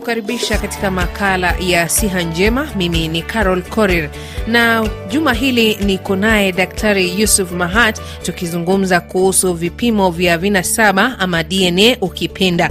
kukaribisha katika makala ya siha njema. Mimi ni Carol corir na juma hili niko naye Daktari Yusuf Mahat tukizungumza kuhusu vipimo vya vina saba ama DNA ukipenda.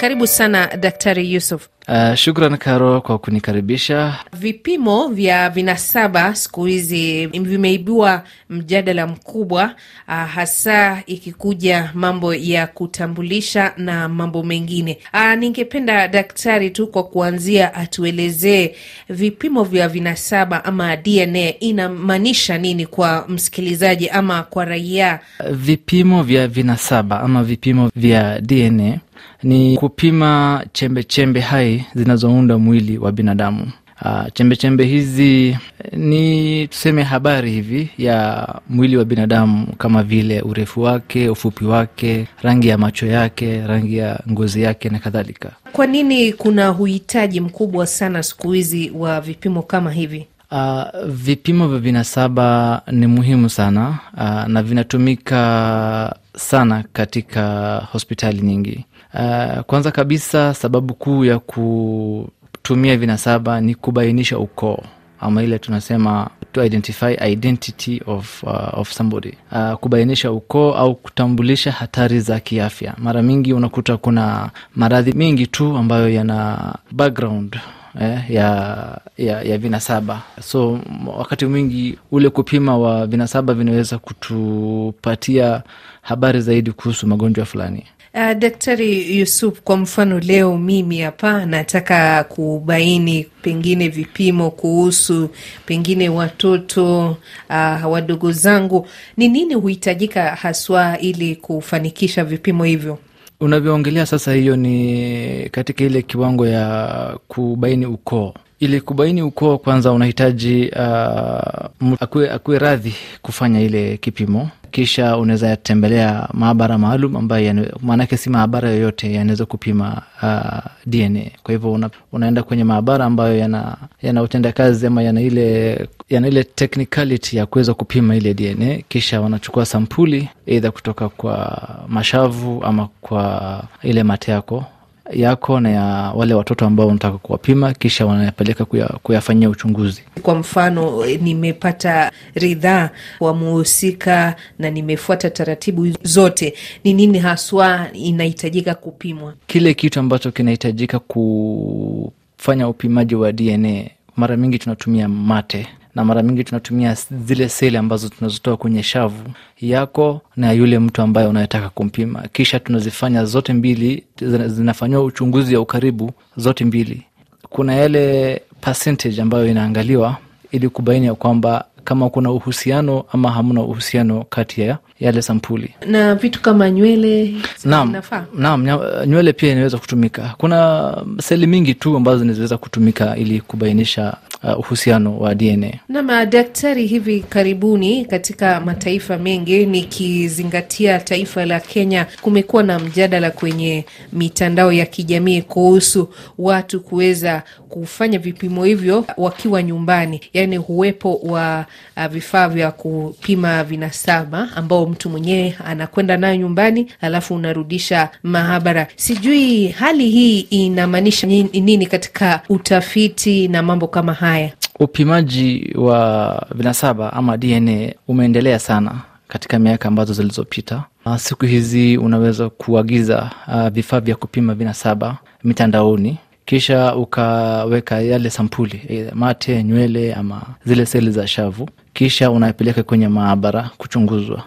Karibu sana Daktari Yusuf. Uh, shukran Karo kwa kunikaribisha. Vipimo vya vinasaba siku hizi vimeibua mjadala mkubwa, uh, hasa ikikuja mambo ya kutambulisha na mambo mengine. Uh, ningependa daktari tu kwa kuanzia atuelezee vipimo vya vinasaba ama DNA inamaanisha nini kwa msikilizaji ama kwa raia? Vipimo vya vinasaba ama vipimo vya DNA ni kupima chembe chembe hai zinazounda mwili wa binadamu. Chembechembe ah, chembe hizi eh, ni tuseme habari hivi ya mwili wa binadamu, kama vile urefu wake, ufupi wake, rangi ya macho yake, rangi ya ngozi yake na kadhalika. Kwa nini kuna uhitaji mkubwa sana siku hizi wa vipimo kama hivi? Uh, vipimo vya vinasaba ni muhimu sana uh, na vinatumika sana katika hospitali nyingi Uh, kwanza kabisa sababu kuu ya kutumia vinasaba ni kubainisha ukoo ama ile tunasema to identify identity of, uh, of somebody uh, kubainisha ukoo au kutambulisha hatari za kiafya. Mara mingi unakuta kuna maradhi mengi tu ambayo yana background eh, ya, ya, ya vinasaba. So wakati mwingi ule kupima wa vinasaba vinaweza kutupatia habari zaidi kuhusu magonjwa fulani. Uh, Daktari Yusuf, kwa mfano leo mimi hapa nataka kubaini pengine vipimo kuhusu pengine watoto uh, wadogo zangu, ni nini huhitajika haswa ili kufanikisha vipimo hivyo? Unavyoongelea sasa, hiyo ni katika ile kiwango ya kubaini ukoo ili kubaini ukoo kwanza unahitaji uh, akue, akue radhi kufanya ile kipimo, kisha unaweza tembelea maabara maalum ambayo maanake si maabara yoyote yanaweza kupima uh, DNA. Kwa hivyo una, unaenda kwenye maabara ambayo yana, yana utendakazi ama yana ile, yana ile technicality ya kuweza kupima ile DNA, kisha wanachukua sampuli eidha kutoka kwa mashavu ama kwa ile mate yako yako na ya wale watoto ambao unataka kuwapima, kisha wanayapeleka kuyafanyia uchunguzi. Kwa mfano, nimepata ridhaa wa muhusika na nimefuata taratibu zote, ni nini haswa inahitajika kupimwa? Kile kitu ambacho kinahitajika kufanya upimaji wa DNA, mara mingi tunatumia mate na mara mingi tunatumia zile seli ambazo tunazitoa kwenye shavu yako na yule mtu ambaye unayetaka kumpima, kisha tunazifanya zote mbili, zinafanyiwa uchunguzi wa ukaribu zote mbili. Kuna yale percentage ambayo inaangaliwa ili kubaini ya kwamba kama kuna uhusiano ama hamna uhusiano kati ya yale sampuli na vitu kama nywele. Naam, nywele pia inaweza kutumika. Kuna seli mingi tu ambazo zinaweza kutumika ili kubainisha Uh, uhusiano wa DNA. Naam, daktari, hivi karibuni katika mataifa mengi, nikizingatia taifa la Kenya, kumekuwa na mjadala kwenye mitandao ya kijamii kuhusu watu kuweza kufanya vipimo hivyo wakiwa nyumbani, yaani uwepo wa uh, vifaa vya kupima vinasaba ambao mtu mwenyewe anakwenda nayo nyumbani, alafu unarudisha maabara. Sijui hali hii inamaanisha nini katika utafiti na mambo kama haya? haya. Upimaji wa vinasaba ama DNA umeendelea sana katika miaka ambazo zilizopita. Siku hizi unaweza kuagiza uh, vifaa vya kupima vinasaba mitandaoni, kisha ukaweka yale sampuli mate, nywele ama zile seli za shavu, kisha unapeleka kwenye maabara kuchunguzwa.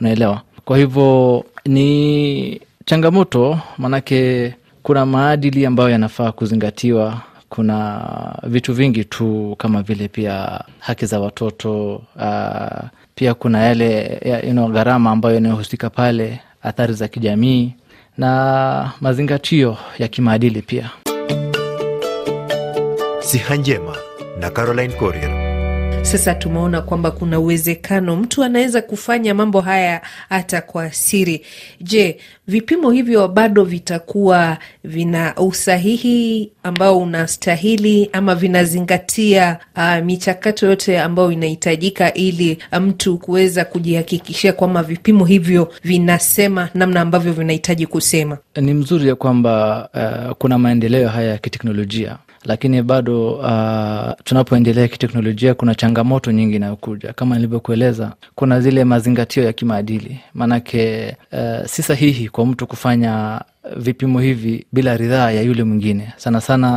Unaelewa? Kwa hivyo ni changamoto, maanake kuna maadili ambayo yanafaa kuzingatiwa kuna vitu vingi tu kama vile pia haki za watoto uh, pia kuna yale ya, you know, gharama ambayo inayohusika pale, athari za kijamii na mazingatio ya kimaadili pia. Siha Njema na Caroline corier sasa tumeona kwamba kuna uwezekano mtu anaweza kufanya mambo haya hata kwa siri. Je, vipimo hivyo bado vitakuwa vina usahihi ambao unastahili ama vinazingatia uh, michakato yote ambayo inahitajika ili mtu kuweza kujihakikishia kwamba vipimo hivyo vinasema namna ambavyo vinahitaji kusema? Ni mzuri ya kwamba uh, kuna maendeleo haya ya kiteknolojia lakini bado uh, tunapoendelea kiteknolojia kuna changamoto nyingi inayokuja kama nilivyokueleza. Kuna zile mazingatio ya kimaadili, maanake uh, si sahihi kwa mtu kufanya vipimo hivi bila ridhaa ya yule mwingine, sana sana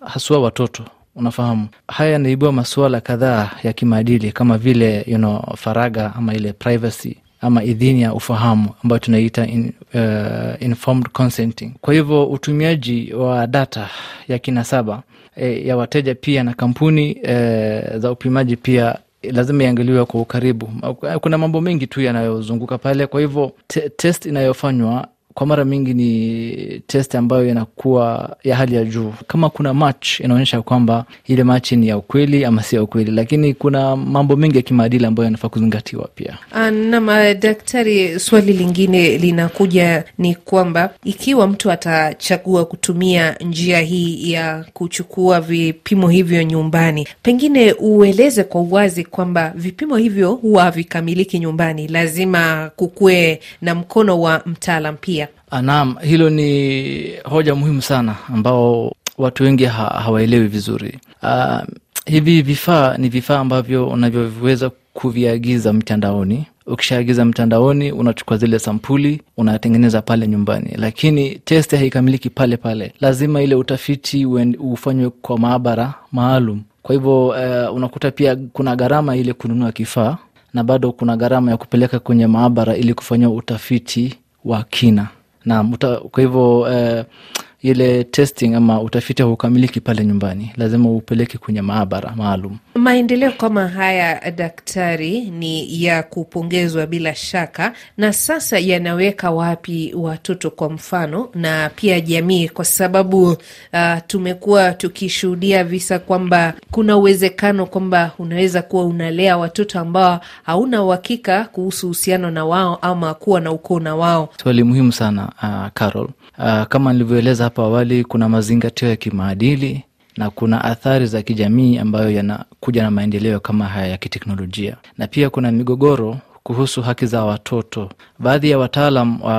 uh, haswa watoto Unafahamu, haya yanaibua masuala kadhaa ya kimaadili kama vile you know, faraga ama ile privacy ama idhini ya ufahamu ambayo tunaita in, uh, informed consenting. Kwa hivyo utumiaji wa data ya kinasaba e, eh, ya wateja pia na kampuni e, za upimaji pia lazima iangaliwe kwa ukaribu. Kuna mambo mengi tu yanayozunguka pale. Kwa hivyo te, test inayofanywa kwa mara mingi ni test ambayo inakuwa ya hali ya juu. Kama kuna match inaonyesha kwamba ile match ni ya ukweli ama si ya ukweli, lakini kuna mambo mengi ya kimaadili ambayo yanafaa kuzingatiwa pia. Ah, na ah, daktari, swali lingine linakuja ni kwamba ikiwa mtu atachagua kutumia njia hii ya kuchukua vipimo hivyo nyumbani, pengine ueleze kwa uwazi kwamba vipimo hivyo huwa havikamiliki nyumbani, lazima kukuwe na mkono wa mtaalam pia Ah, naam, hilo ni hoja muhimu sana ambao watu wengi ha hawaelewi vizuri. Uh, hivi vifaa ni vifaa ambavyo unavyoweza kuviagiza mtandaoni. Ukishaagiza mtandaoni, unachukua zile sampuli unatengeneza pale nyumbani, lakini testi haikamiliki pale pale. Lazima ile utafiti ufanywe kwa maabara maalum. Kwa hivyo uh, unakuta pia kuna gharama ile kununua kifaa na bado kuna gharama ya kupeleka kwenye maabara ili kufanyia utafiti wa kina. Naam, kwa hivyo eh, ile testing ama utafiti haukamiliki pale nyumbani, lazima upeleke kwenye maabara maalum. Maendeleo kama haya, daktari, ni ya kupongezwa bila shaka. Na sasa yanaweka wapi watoto kwa mfano na pia jamii, kwa sababu uh, tumekuwa tukishuhudia visa kwamba kuna uwezekano kwamba unaweza kuwa unalea watoto ambao hauna uhakika kuhusu uhusiano na wao ama kuwa na ukoo na wao. Swali muhimu sana uh, Carol. Uh, kama nilivyoeleza hapo awali, kuna mazingatio ya kimaadili na kuna athari za kijamii ambayo yanakuja na maendeleo kama haya ya kiteknolojia, na pia kuna migogoro kuhusu haki za watoto. Baadhi ya wataalam wa,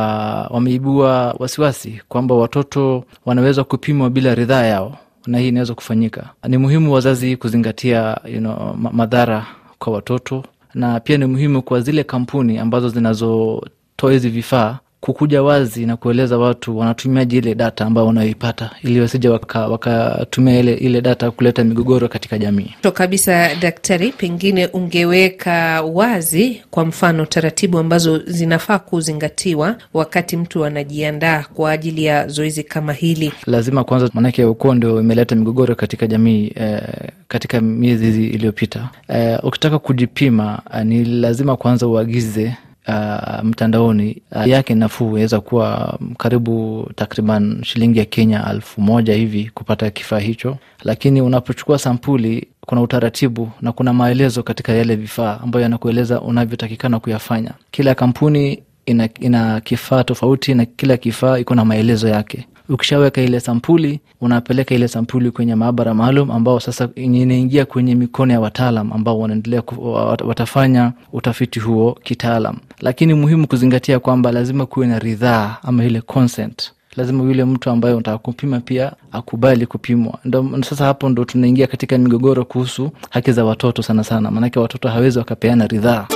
wameibua wasiwasi kwamba watoto wanaweza kupimwa bila ridhaa yao, na hii inaweza kufanyika. Ni muhimu wazazi kuzingatia you know, madhara kwa watoto, na pia ni muhimu kwa zile kampuni ambazo zinazotoa hizi vifaa kukuja wazi na kueleza watu wanatumiaji ile data ambayo wanayoipata ili wasija wakatumia waka ile, ile data kuleta migogoro katika jamii. To kabisa, daktari, pengine ungeweka wazi kwa mfano taratibu ambazo zinafaa kuzingatiwa wakati mtu anajiandaa kwa ajili ya zoezi kama hili. Lazima kwanza, maanake ukuo ndio imeleta migogoro katika jamii eh, katika miezi iliyopita eh, ukitaka kujipima eh, ni lazima kwanza uagize uh, mtandaoni uh, yake nafuu inaweza kuwa karibu takriban shilingi ya Kenya alfu moja hivi kupata kifaa hicho, lakini unapochukua sampuli kuna utaratibu na kuna maelezo katika yale vifaa ambayo yanakueleza unavyotakikana kuyafanya. Kila kampuni ina, ina kifaa tofauti na kila kifaa iko na maelezo yake. Ukishaweka ile sampuli, unapeleka ile sampuli kwenye maabara maalum, ambao sasa inaingia kwenye mikono ya wataalam ambao wanaendelea watafanya utafiti huo kitaalam, lakini muhimu kuzingatia kwamba lazima kuwe na ridhaa ama ile consent lazima yule mtu ambaye unataka kupima pia akubali kupimwa. Ndo sasa hapo ndo tunaingia katika migogoro kuhusu haki za watoto sana sana, maanake watoto hawezi wakapeana ridhaa.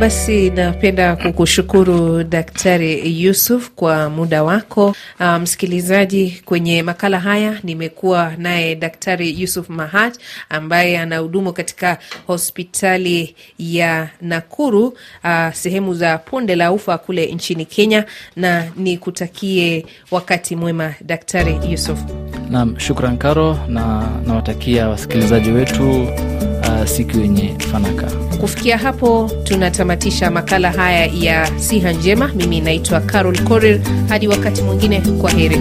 Basi napenda kukushukuru Daktari Yusuf kwa muda wako. Ah, msikilizaji, kwenye makala haya nimekuwa naye Daktari Yusuf Mahat ambaye anahudumu katika hospitali ya Nakuru, uh, sehemu za Ponde la Ufa kule nchini Kenya, na nikutakie wakati mwema Daktari Yusuf. Naam, shukran Karo, na nawatakia wasikilizaji wetu uh, siku yenye fanaka. Kufikia hapo tunatamatisha makala haya ya siha njema. Mimi naitwa Carol Korir, hadi wakati mwingine, kwa heri.